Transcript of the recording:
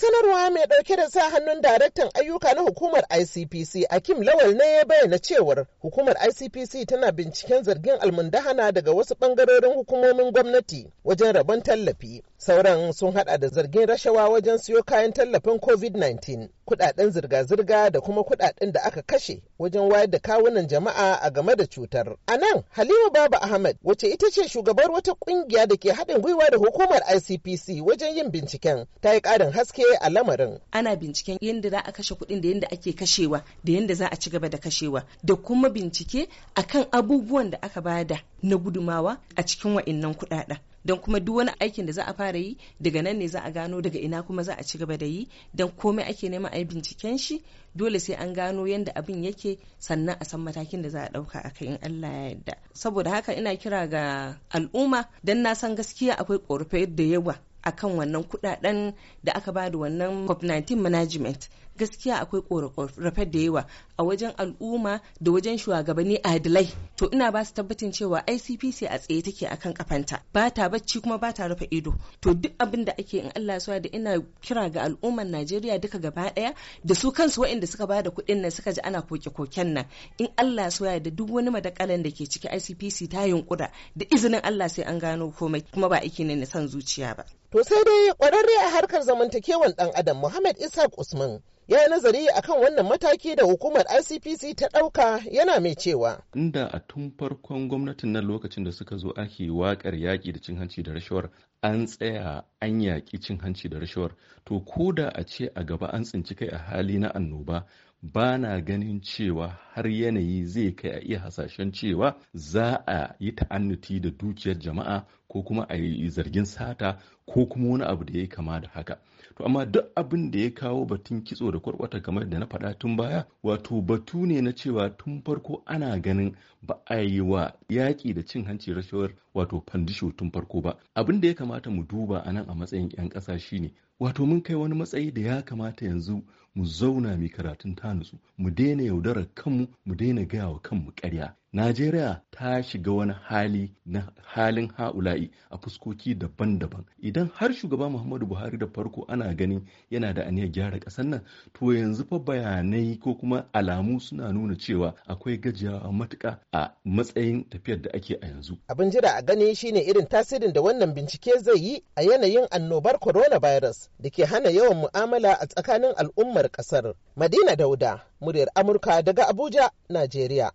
sanarwa mai ɗauke da sa hannun daraktan ayyuka na hukumar ICPC Akim Lawal ne ya bayyana cewar hukumar ICPC tana binciken zargin almundahana daga wasu ɓangarorin hukumomin gwamnati wajen rabon tallafi. Sauran sun hada da zargin rashawa wajen siyo kayan tallafin COVID-19. kudaden zirga-zirga da kuma kudaden da aka kashe wajen wayar da kawunan jama'a a game da cutar. A nan Halima Baba Ahmad wacce ita ce shugabar wata kungiya da ke haɗin gwiwa da hukumar ICPC wajen yin binciken ta yi ƙarin haske a lamarin. Ana binciken yadda za a kashe kuɗin da yadda ake kashewa da yadda za a ci gaba da kashewa da kuma bincike akan abubuwan da aka bada na gudumawa a cikin wa'innan kuɗaɗen. don kuma duk wani aikin da za a fara yi daga nan ne za a gano daga ina kuma za a ci gaba da yi don komai ake nema a yi binciken shi dole sai an gano yadda abin yake sannan a san matakin da za a ɗauka a kai Allah ya yarda saboda haka ina kira ga al'umma don na san gaskiya akwai ƙorafai da yawa akan wannan kudaden da aka ba da wannan covid-19 management gaskiya akwai korafe da yawa a wajen al'umma da wajen shugabanni a adilai to ina ba su tabbatin cewa ICPC a tsaye take akan kafanta ba ta bacci kuma ba ta rufe ido to duk abin da ake in Allah suwa da ina kira ga al'umman Najeriya duka gaba daya da su kansu waɗanda suka ba da kuɗin nan suka ji ana koke-koken nan in Allah suwa da duk wani madakalan da ke ciki ICPC ta yunkura da izinin Allah sai an gano komai kuma ba aiki ne na son zuciya ba to sai dai kwararre a harkar zamantakewan dan adam Muhammad Isa Usman ya yi nazari akan wannan mataki da hukumar ICPC ta ɗauka yana mai cewa. Inda a tun farkon gwamnatin nan lokacin da suka zo ake waƙar yaƙi da cin hanci da rashawar an tsaya an yaƙi cin hanci da rashawar to ko da a ce a gaba an tsinci kai a hali na annoba ba na ganin cewa har yanayi zai kai a iya hasashen cewa za a yi ta'annuti da dukiyar jama'a ko kuma a yi zargin sata ko kuma wani abu da ya yi kama da haka to amma duk abin da ya kawo batun kitso da kwarkwata kamar da na faɗa tun baya wato batu ne na cewa tun farko ana ganin ba a yi wa yaƙi da cin hanci rashawar wato fandisho tun farko ba abin da ya kamata mu duba a nan a matsayin 'yan ƙasa shine wato mun kai wani matsayi da ya kamata yanzu mu zauna mai karatun ta nutsu mu daina yaudarar kanmu mu daina gaya wa kanmu karya najeriya ta shiga wani hali na halin ha'ula'i a fuskoki daban-daban idan har shugaba muhammadu buhari da farko ana ganin yana da aniyar gyara ƙasar nan to yanzu fa bayanai ko kuma alamu suna nuna cewa akwai gajiyawa matuka a matsayin tafiyar da ake a yanzu abin jira a gani shine irin tasirin da wannan bincike zai yi a yanayin annobar coronavirus da ke hana yawan mu'amala a tsakanin al'ummar ƙasar. Madina Dauda, muryar Amurka daga Abuja, Najeriya.